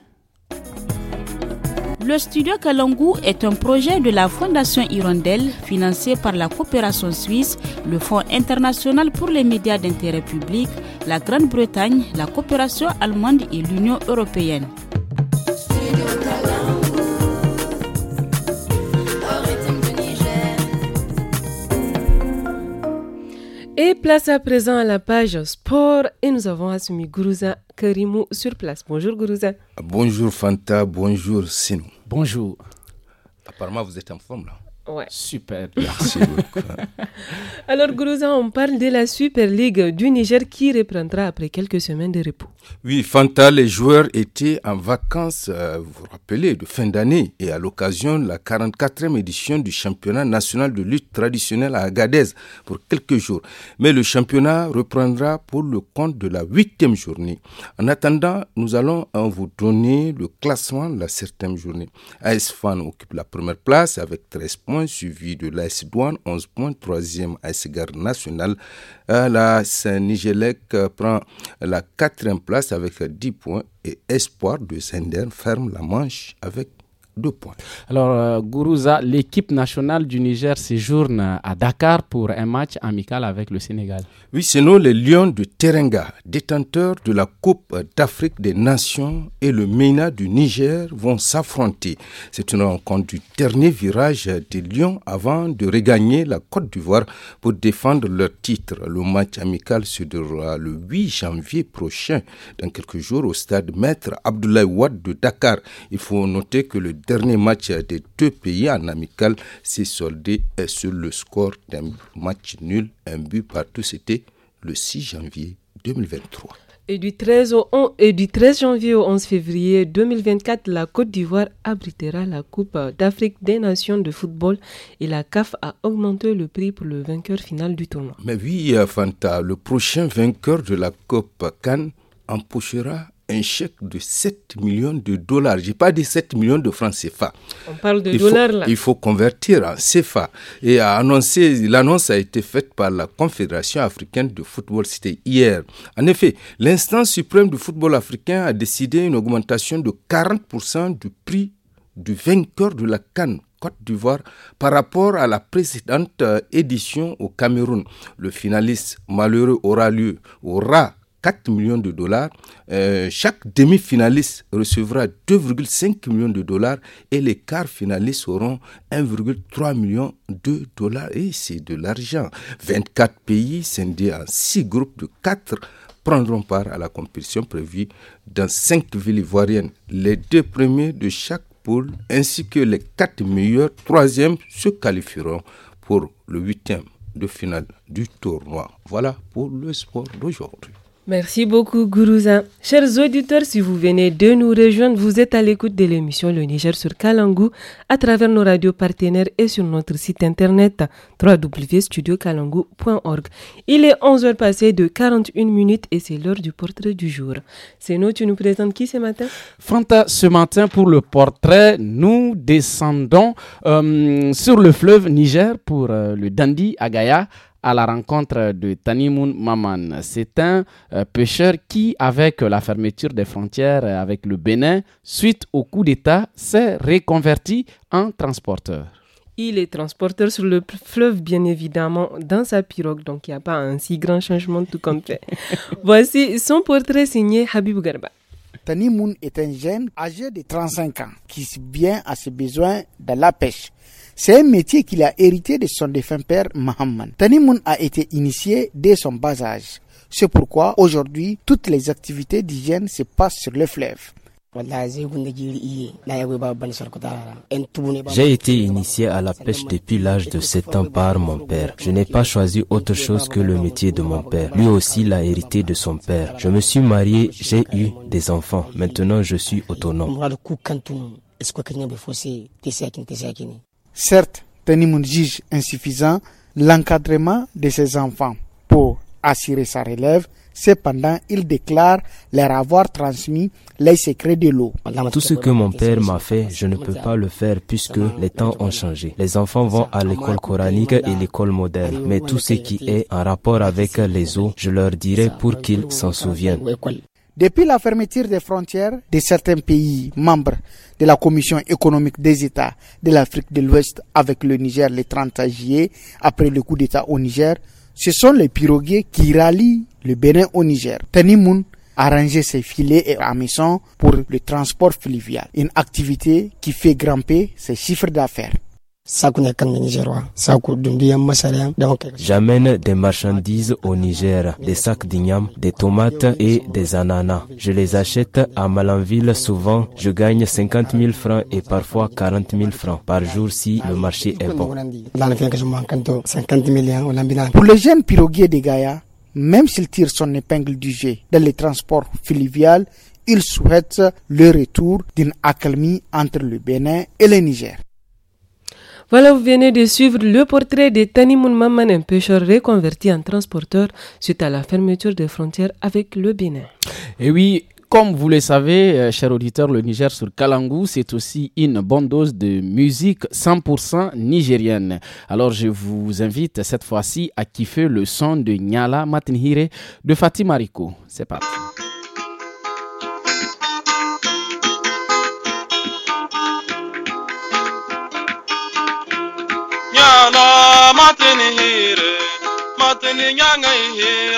Le studio Kalangou est un projet de la Fondation Hirondelle financé par la coopération suisse, le Fonds international pour les médias d'intérêt public, la Grande-Bretagne, la coopération allemande et l'Union européenne. Et place à présent à la page sport et nous avons Assumi Gourouza Karimou sur place. Bonjour Gourouza. Bonjour Fanta, bonjour Sinou. Bonjour. Apparemment vous êtes en forme là. Super, [laughs] merci beaucoup. [laughs] Alors, Gourouza, on parle de la Super League du Niger qui reprendra après quelques semaines de repos. Oui, Fanta, les joueurs étaient en vacances, euh, vous vous rappelez, de fin d'année et à l'occasion de la 44e édition du championnat national de lutte traditionnelle à Agadez pour quelques jours. Mais le championnat reprendra pour le compte de la 8e journée. En attendant, nous allons vous donner le classement de la 7e journée. AS Fan occupe la première place avec 13 points suivi de l'AS Douane, 11 points, troisième AS Gare Nationale. Euh, la Saint-Nigelec euh, prend la quatrième place avec 10 points et Espoir de Sender ferme la manche avec deux points. Alors, euh, Gourouza, l'équipe nationale du Niger séjourne à Dakar pour un match amical avec le Sénégal. Oui, c'est nous, les Lions de Terenga, détenteurs de la Coupe d'Afrique des Nations et le MENA du Niger vont s'affronter. C'est une rencontre du dernier virage des Lions avant de regagner la Côte d'Ivoire pour défendre leur titre. Le match amical se déroulera le 8 janvier prochain, dans quelques jours, au stade Maître Abdoulaye Ouad de Dakar. Il faut noter que le dernier match des deux pays en amical s'est soldé euh, sur le score d'un match nul, un but partout. C'était le 6 janvier 2023. Et du, 13 au 11, et du 13 janvier au 11 février 2024, la Côte d'Ivoire abritera la Coupe d'Afrique des Nations de football et la CAF a augmenté le prix pour le vainqueur final du tournoi. Mais oui, euh, Fanta, le prochain vainqueur de la Coupe Cannes empochera un chèque de 7 millions de dollars. Je n'ai pas dit 7 millions de francs CFA. On parle de dollars là. Il faut convertir en CFA. Et l'annonce a été faite par la Confédération africaine de football, City hier. En effet, l'instance suprême du football africain a décidé une augmentation de 40% du prix du vainqueur de la Cannes Côte d'Ivoire par rapport à la précédente euh, édition au Cameroun. Le finaliste malheureux aura lieu, aura 4 millions de dollars. Euh, chaque demi-finaliste recevra 2,5 millions de dollars et les quarts finalistes auront 1,3 million de dollars. Et c'est de l'argent. 24 pays scindés en 6 groupes de 4 prendront part à la compétition prévue dans 5 villes ivoiriennes. Les deux premiers de chaque poule ainsi que les 4 meilleurs troisièmes se qualifieront pour le huitième de finale du tournoi. Voilà pour le sport d'aujourd'hui. Merci beaucoup, Gourouza. Chers auditeurs, si vous venez de nous rejoindre, vous êtes à l'écoute de l'émission Le Niger sur Kalangou à travers nos radios partenaires et sur notre site internet www.studiocalangou.org. Il est 11h passé de 41 minutes et c'est l'heure du portrait du jour. C'est nous, tu nous présentes qui ce matin Fanta, ce matin, pour le portrait, nous descendons euh, sur le fleuve Niger pour euh, le Dandi Agaya à la rencontre de Tanimoun Maman. C'est un euh, pêcheur qui, avec la fermeture des frontières euh, avec le Bénin, suite au coup d'État, s'est reconverti en transporteur. Il est transporteur sur le fleuve, bien évidemment, dans sa pirogue, donc il n'y a pas un si grand changement tout comme fait. [laughs] Voici son portrait signé Habib Garba. Tani est un jeune âgé de 35 ans qui vient à ses besoins de la pêche. C'est un métier qu'il a hérité de son défunt père Mahamman. Tanimoun a été initié dès son bas âge. C'est pourquoi aujourd'hui, toutes les activités d'hygiène se passent sur le fleuve. J'ai été initié à la pêche depuis l'âge de 7 ans par mon père. Je n'ai pas choisi autre chose que le métier de mon père. Lui aussi l'a hérité de son père. Je me suis marié, j'ai eu des enfants. Maintenant, je suis autonome. Certes, Tenimoun juge insuffisant l'encadrement de ses enfants pour assurer sa relève. Cependant, il déclare leur avoir transmis les secrets de l'eau. Tout ce que mon père m'a fait, je ne peux pas le faire puisque ah. les temps ont changé. Les enfants vont à l'école coranique et l'école moderne, mais tout ce qui est en rapport avec les eaux, je leur dirai pour qu'ils s'en souviennent. Depuis la fermeture des frontières de certains pays membres de la Commission économique des États de l'Afrique de l'Ouest avec le Niger le 30 juillet, après le coup d'État au Niger, ce sont les piroguiers qui rallient le Bénin au Niger. a rangé ses filets et hameçons pour le transport fluvial, une activité qui fait grimper ses chiffres d'affaires. J'amène des marchandises au Niger, des sacs d'igname, des tomates et des ananas. Je les achète à Malanville souvent. Je gagne 50 000 francs et parfois 40 000 francs par jour si le marché est bon. Hein, Pour le jeune piroguier de Gaïa, même s'il tire son épingle du jet dans les transports fluvial, il souhaite le retour d'une accalmie entre le Bénin et le Niger. Voilà, vous venez de suivre le portrait de Tani Maman, un pêcheur reconverti en transporteur suite à la fermeture des frontières avec le Bénin. Et oui, comme vous le savez, euh, cher auditeur, le Niger sur Kalangu, c'est aussi une bonne dose de musique 100% nigérienne. Alors je vous invite cette fois-ci à kiffer le son de Nyala Matinhire de Fatima Rico. C'est parti. matini hire matini nyanga ihire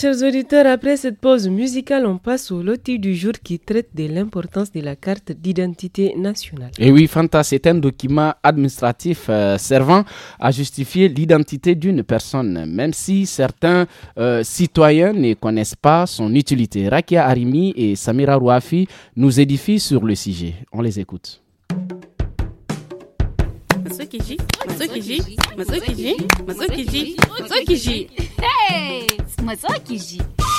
chers auditeurs, après cette pause musicale, on passe au loti du jour qui traite de l'importance de la carte d'identité nationale. Et oui, Fanta, c'est un document administratif euh, servant à justifier l'identité d'une personne, même si certains euh, citoyens ne connaissent pas son utilité. Rakia Harimi et Samira Rouafi nous édifient sur le sujet. On les écoute. matsu ki ji matsu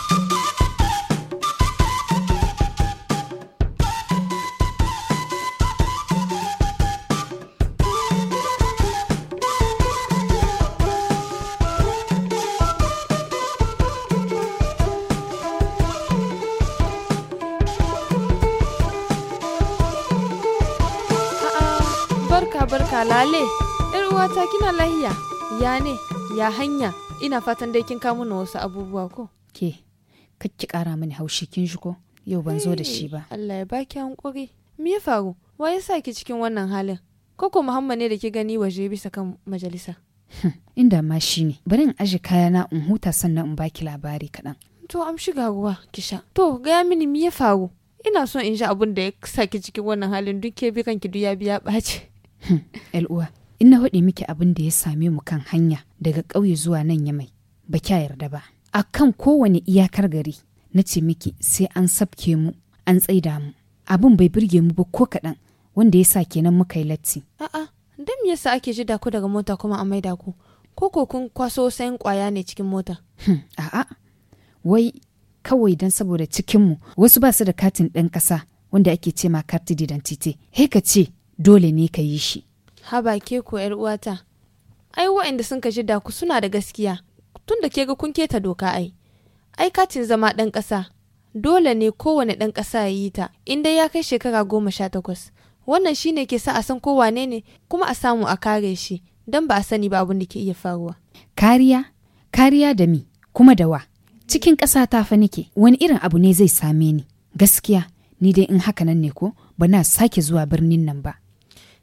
Salale, ‘yar uwata kina lahiya, ya ne, ya hanya, ina fatan dai kin kamo na wasu abubuwa ko? Ke, ki ƙara mini haushi kin shi ko? Yau ban zo da shi ba. Allah ya baki hankuri. Me ya faru? Wa ya sa ki cikin wannan halin? Koko Muhammad ne da ki gani waje bisa kan majalisa. Hm, inda ma shi ne. Bari in aje kayana in huta sannan in baki labari kaɗan. To am shiga ruwa ki sha. To gaya mini me ya faru? Ina so in ji abin da ya saki cikin wannan halin duk ke bi kanki duk ya biya ɓaci. Hmm, uwa in na haɗe miki abin da ya same mu kan hanya daga ƙauye zuwa nan ya mai ba kya yarda ba a kan kowane iyakar gari na ce miki sai an sabke mu an tsaida mu abin bai birge mu ba ko kaɗan wanda ya sa kenan muka yi latti a'a dan me yasa ake ji ku daga mota kuma a maida ku ko ko kun kwaso sayan kwaya ne cikin mota hmm, a'a wai kawai dan saboda cikinmu wasu ba su da katin ɗan ƙasa wanda ake ce ma karti didantite he ka ce dole ne ka yi shi haba ke ko yar uwata ai waɗanda sun kaji da ku suna da gaskiya tun da ke ga kun keta doka ai ai katin zama ɗan ƙasa dole ne kowane ɗan ƙasa ya yi ta inda ya kai shekara goma sha takwas wannan shine ke sa a san ko wane ne kuma a samu a kare shi don ba a sani ba abin da ke iya faruwa kariya kariya da mi kuma da wa cikin ƙasa ta fa nake wani irin abu ne zai same ni gaskiya ni dai in haka nan ne ko ba na sake zuwa birnin nan ba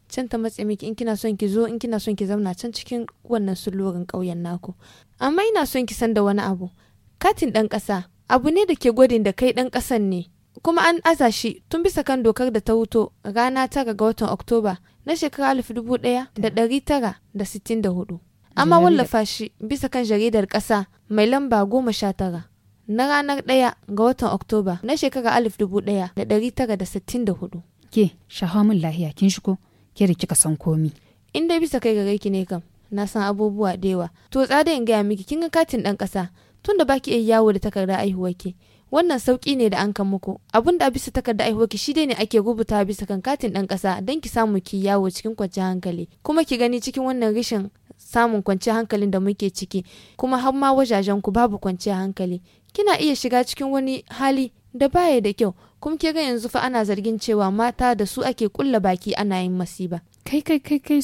can ta matse miki in kina son ki zo in kina son ki zauna can cikin wannan sulurin ƙauyen naku amma ina son ki san da wani abu katin ɗan ƙasa abu ne da ke gwadin da kai ɗan ƙasan ne kuma an aza shi tun bisa kan dokar da ta wuto rana tara ga watan oktoba na shekara alif dubu ɗaya da ɗari tara da sittin da hudu amma wallafa shi bisa kan jaridar ƙasa mai lamba goma sha tara na ranar ɗaya ga watan oktoba na shekara alif dubu ɗaya da ɗari tara da sittin da hudu ke shahamun lahiya kin shigo kiri kika san komi in dai bisa kai ga gaiki ne kam na san abubuwa da yawa to tsada in gaya miki kin ga katin dan kasa tun da baki iya yawo da takarda aihuwar ki wannan sauki ne da an kan muku abun da bisa takarda aihuwar ki shi dai ne ake rubuta bisa kan katin dan kasa dan ki samu ki yawo cikin kwanciyar hankali kuma ki gani cikin wannan rishin samun kwanciyar hankalin da muke ciki kuma har ma wajajen ku babu kwanciyar hankali kina iya shiga cikin wani hali da baya da kyau kuma ke ga yanzu fa ana zargin cewa mata da su ake kulla baki ana yin masiba kai kai kai kai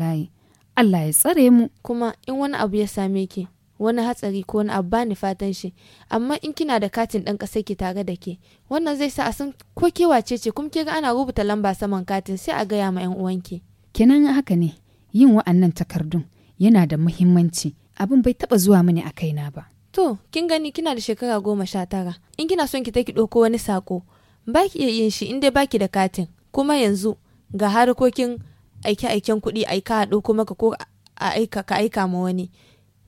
layi Allah ya tsare mu kuma in wani abu ya same ki wani hatsari ko wani abu bani fatan shi amma in kina da katin ɗan kasar ki tare da ke wannan zai sa a san ko ke wace ce kuma ke ga ana rubuta lamba saman katin sai a gaya ma yan uwanki kenan haka ne yin wa'annan takardun yana da muhimmanci abin bai taɓa zuwa mini a kaina ba To, kin gani kina da shekara goma sha tara. In kina son ki ta ki ɗauko wani sako, ba ki iya yin shi in dai baki da katin. Kuma yanzu ga harkokin aike-aiken kuɗi aika a ɗauko maka ko a aika ka aika ma wani.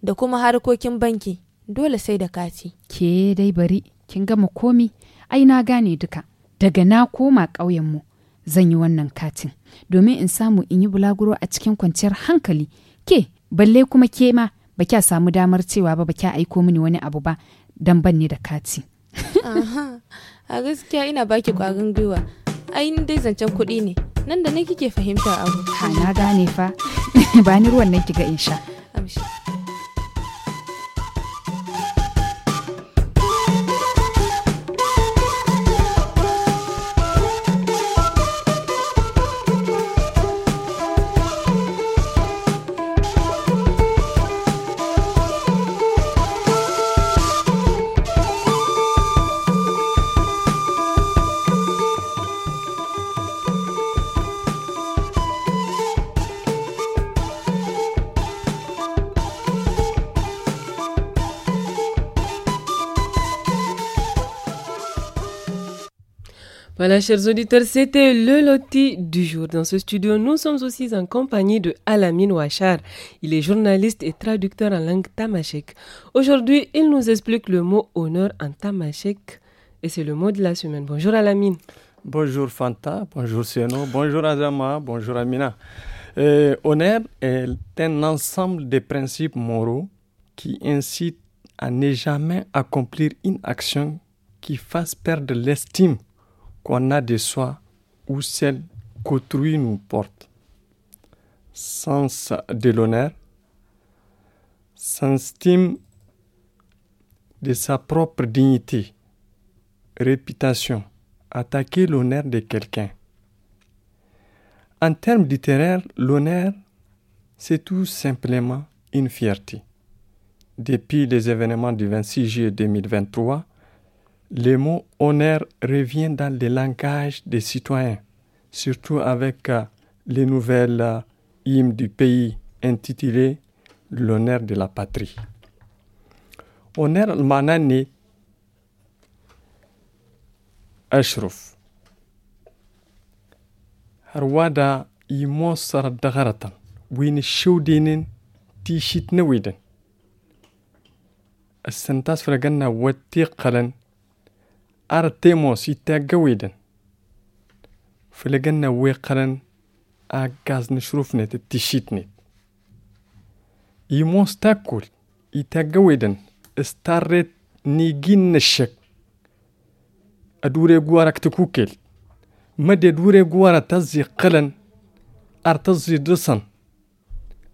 Da kuma harkokin banki dole sai da kati. Ke dai bari, kin gama komi, ai na gane duka. Daga na koma ƙauyenmu zan yi wannan katin domin in samu in yi bulaguro a cikin kwanciyar hankali. Ke, balle kuma ke ma ba kya samu damar cewa ba ba kya aiko mini wani abu ba dan ban ne da kati a gaskiya ina baki kwarin gwiwa ai dai zancen kuɗi ne nan da ne kike fahimtar abu ha na gane fa [laughs] ba ni ruwan nan ki ga in sha Voilà, chers auditeurs, c'était le loti du jour. Dans ce studio, nous sommes aussi en compagnie de Alamine Ouachar. Il est journaliste et traducteur en langue tamashek. Aujourd'hui, il nous explique le mot honneur en tamashek et c'est le mot de la semaine. Bonjour Alamine. Bonjour Fanta, bonjour Siano, bonjour Azama, bonjour Amina. Euh, honneur est un ensemble de principes moraux qui incitent à ne jamais accomplir une action qui fasse perdre l'estime qu'on a de soi ou celle qu'autrui nous porte. Sens de l'honneur, s'estime de sa propre dignité, réputation, attaquer l'honneur de quelqu'un. En termes littéraires, l'honneur, c'est tout simplement une fierté. Depuis les événements du 26 juillet 2023, les mots « honneur reviennent dans le langage des citoyens, surtout avec euh, les nouvelles euh, hymnes du pays intitulées L'honneur de la patrie. Honneur manani ashruf harwada imosar dagaratan win shudinin Santas Asentas السنتاس فرقنا وتيقلا ار تيموس يتاقا ويدن فلقنا ويقرن اقاز نشروفنت التشيتنت يموس تاكل يتاقا ويدن استارت نيجين نشك ادوري قوارك تكوكل مدي دوري قوارة تزي قلن ار تزي درسن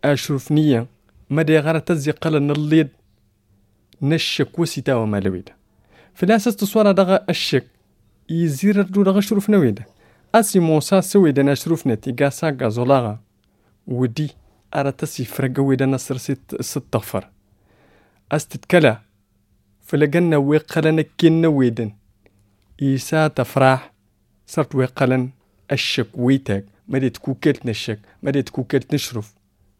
اشوف نيا مدي غارة تزي قلن الليد نشك وسيتا ومالويدن فلاسس تصوانا دغا الشك يزير ردو دغا شروف نويدا أسي موسى سوي دنا شروف نت إقاسا غازولاغا ودي أرتسي فرقوي نصر ست ستغفر أستتكلا فلقنا ويقلن كنا ويدا إيسا تفرح صرت ويقلن الشك ويتك مدي تكوكلت نشك مدي تكوكلت نشرف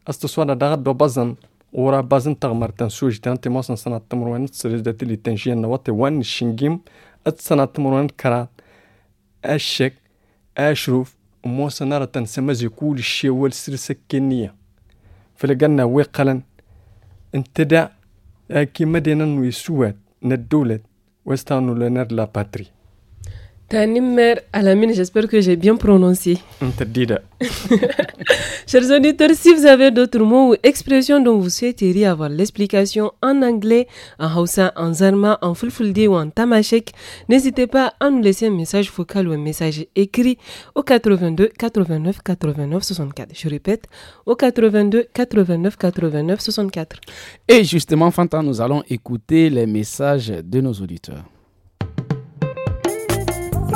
أستصوانا دغا دو بزن ورا بازن تغمر تنسوج تان تيموس سنة تسرج تسرزدات اللي تنجي النواطي وان الشنجيم سنة تمروان كرا اشك أشروف موسنا را تنسمزي كل الشي سرسك سكنية فلقنا وقلا انتدا كيما دينا ويسوات ندولت وستانو لنر لا باتري Mère Alamine, j'espère que j'ai bien prononcé. [laughs] Chers auditeurs, si vous avez d'autres mots ou expressions dont vous souhaiteriez avoir l'explication en anglais, en Hausa, en Zarma, en fulfuldi ou en Tamashek, n'hésitez pas à nous laisser un message vocal ou un message écrit au 82 89 89 64. Je répète, au 82 89 89 64. Et justement, Fanta, nous allons écouter les messages de nos auditeurs.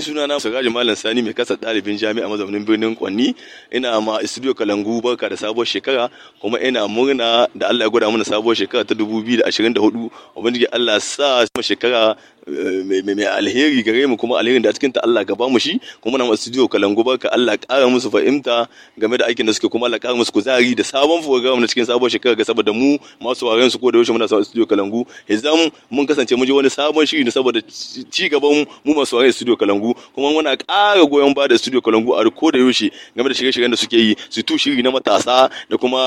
ni suna na Siraju Malam Sani mai kasa ɗalibin jami'a mazaunin birnin Kwanni ina ma studio Kalangu barka da sabuwar shekara kuma ina murna da Allah ya gwada mana sabuwar shekara ta 2024 ubangiji Allah sa mu shekara eh, mai alheri gare mu kuma alherin da cikin ta Allah gaba mu shi kuma na studio Kalangu barka Allah ƙara musu fahimta game da aikin da suke kuma Allah ƙara musu kuzari da sabon program na cikin sabuwar shekara ga saboda mu masu waren su ko da yaushe muna sa studio Kalangu yanzu mun kasance mun je wani sabon shiri ne saboda ci gaban mu masu waren studio Kalangu kuma muna ƙara goyon ba da studio kalangu a ko da yaushe game da shirye-shiryen da suke yi su tu shiri na matasa da kuma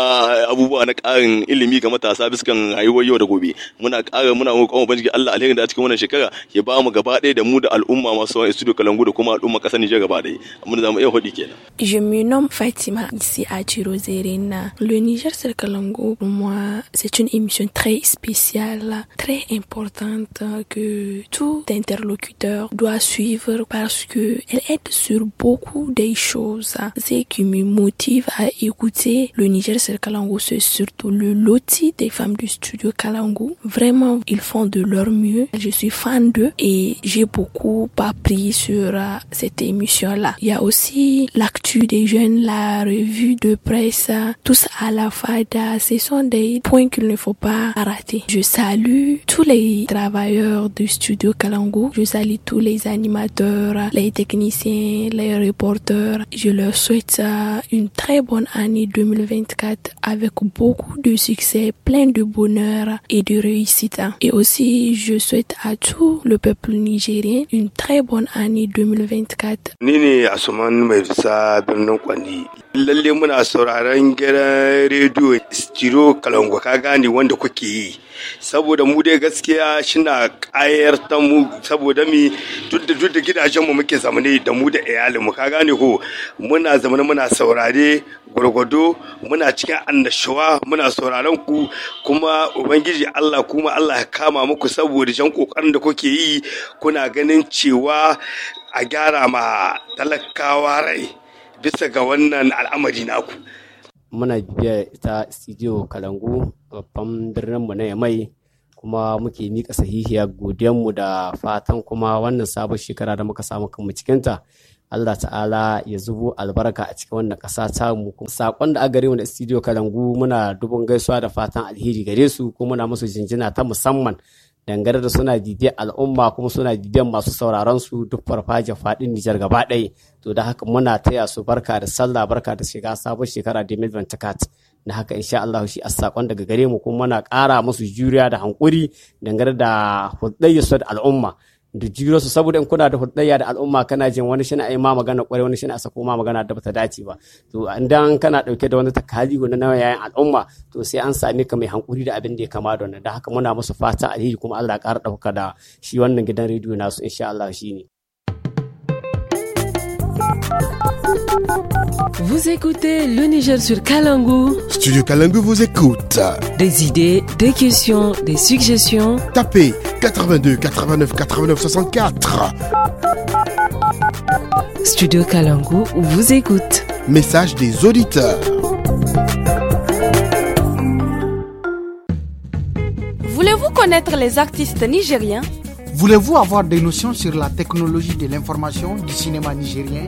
abubuwa na karin ilimi ga matasa biskan rayuwar yau da gobe muna ƙara muna roƙon ubangiji Allah alheri da cikin wannan shekara ke ba mu gaba ɗaya da mu da al'umma masu wani studio kalangu da kuma al'umma ƙasar Nijar gaba ɗaya amma za mu iya hodi kenan je me nom Fatima ici à Zerena le Niger sur kalangu pour moi c'est une émission très spéciale très importante que tout interlocuteur doit suivre parce que elle aide sur beaucoup des choses. Ce qui me motive à écouter le Niger le Kalango, c'est surtout le loti des femmes du studio Kalango. Vraiment, ils font de leur mieux. Je suis fan d'eux et j'ai beaucoup appris sur euh, cette émission-là. Il y a aussi l'actu des jeunes, la revue de presse, tous à la fada. Ce sont des points qu'il ne faut pas rater. Je salue tous les travailleurs du studio Kalango. Je salue tous les animateurs les techniciens, les reporters. Je leur souhaite euh, une très bonne année 2024 avec beaucoup de succès, plein de bonheur et de réussite. Et aussi, je souhaite à tout le peuple nigérien une très bonne année 2024. lalle muna sauraron gidan rediyo stiro kalango ka gane wanda kuke yi saboda mu dai gaskiya shina kayar ta mu saboda mi duk da duk da gidajen mu muke zamane da mu da iyalin mu ka gane ko muna zamane muna saurare gwargwado muna cikin annashuwa muna sauraron ku kuma ubangiji Allah kuma Allah ya kama muku saboda jan kokarin da kuke yi kuna ganin cewa a gyara ma talakawa rai bisa ga wannan al'amari naku muna biya ta studio kalangu babban birnin mu na yamai kuma muke mika sahihiya mu da fatan kuma wannan sabon shekara da muka samu kanmu ta Allah ta'ala ya zubo albarka a cikin wannan ƙasa ta mu sakon da agare mu da studio kalangu muna dubun gaisuwa da fatan alheri gare su kuma muna musu jinjina ta musamman dangane da suna didiya al'umma kuma suna didiyar masu sauraron su duk farfajin faɗin Nijar gaba ɗaya to da haka muna taya su barka da sallah barka da shiga sabon shekara da Milvan Takat na haka insha Allah shi a sakon daga gare mu kuma muna ƙara musu juriya da hankuri dangane da hulɗayyar al'umma da jiro su saboda in kuna da hurdayya da al'umma kana jin wani shi na ai ma magana kwarai wani shi na sako ma magana da bata dace ba to idan kana dauke da wani takali na nawa yayin al'umma to sai an sami ka mai hankuri da abin da ya kama da wannan da haka muna musu fata alheri kuma Allah ya ƙara dauka da shi wannan gidan rediyo nasu insha Allah shine Vous écoutez le Niger sur Kalangu. Studio Kalangu vous écoute. Des idées, des questions, des suggestions. Tapez 82 89 89 64. Studio Kalangu vous écoute. Message des auditeurs. Voulez-vous connaître les artistes nigériens Voulez-vous avoir des notions sur la technologie de l'information du cinéma nigérien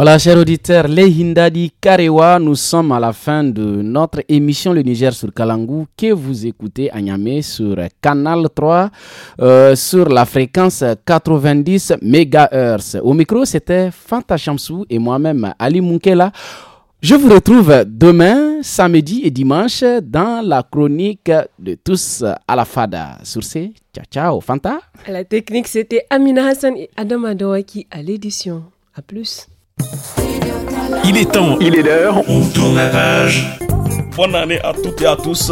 Voilà, chers auditeurs, les Hindadi Karewa, nous sommes à la fin de notre émission Le Niger sur Kalangou que vous écoutez à Niamey sur Canal 3 euh, sur la fréquence 90 MHz. Au micro, c'était Fanta Chamsou et moi-même Ali Munkela. Je vous retrouve demain, samedi et dimanche dans la chronique de tous à la fada. Sur ce, ciao ciao Fanta. la technique, c'était Amina Hassan et Adam Adouaki à l'édition. À plus. Il est temps. Il est l'heure. On tourne la page. Bonne année à toutes et à tous.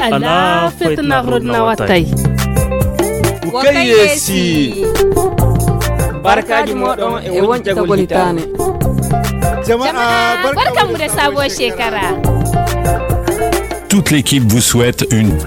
Allah fetna rodna watay. Ukayesi. Barkaji modon e, e wonja golitane. Jama'a barkamu da sabuwar shekara. Toute l'équipe vous souhaite une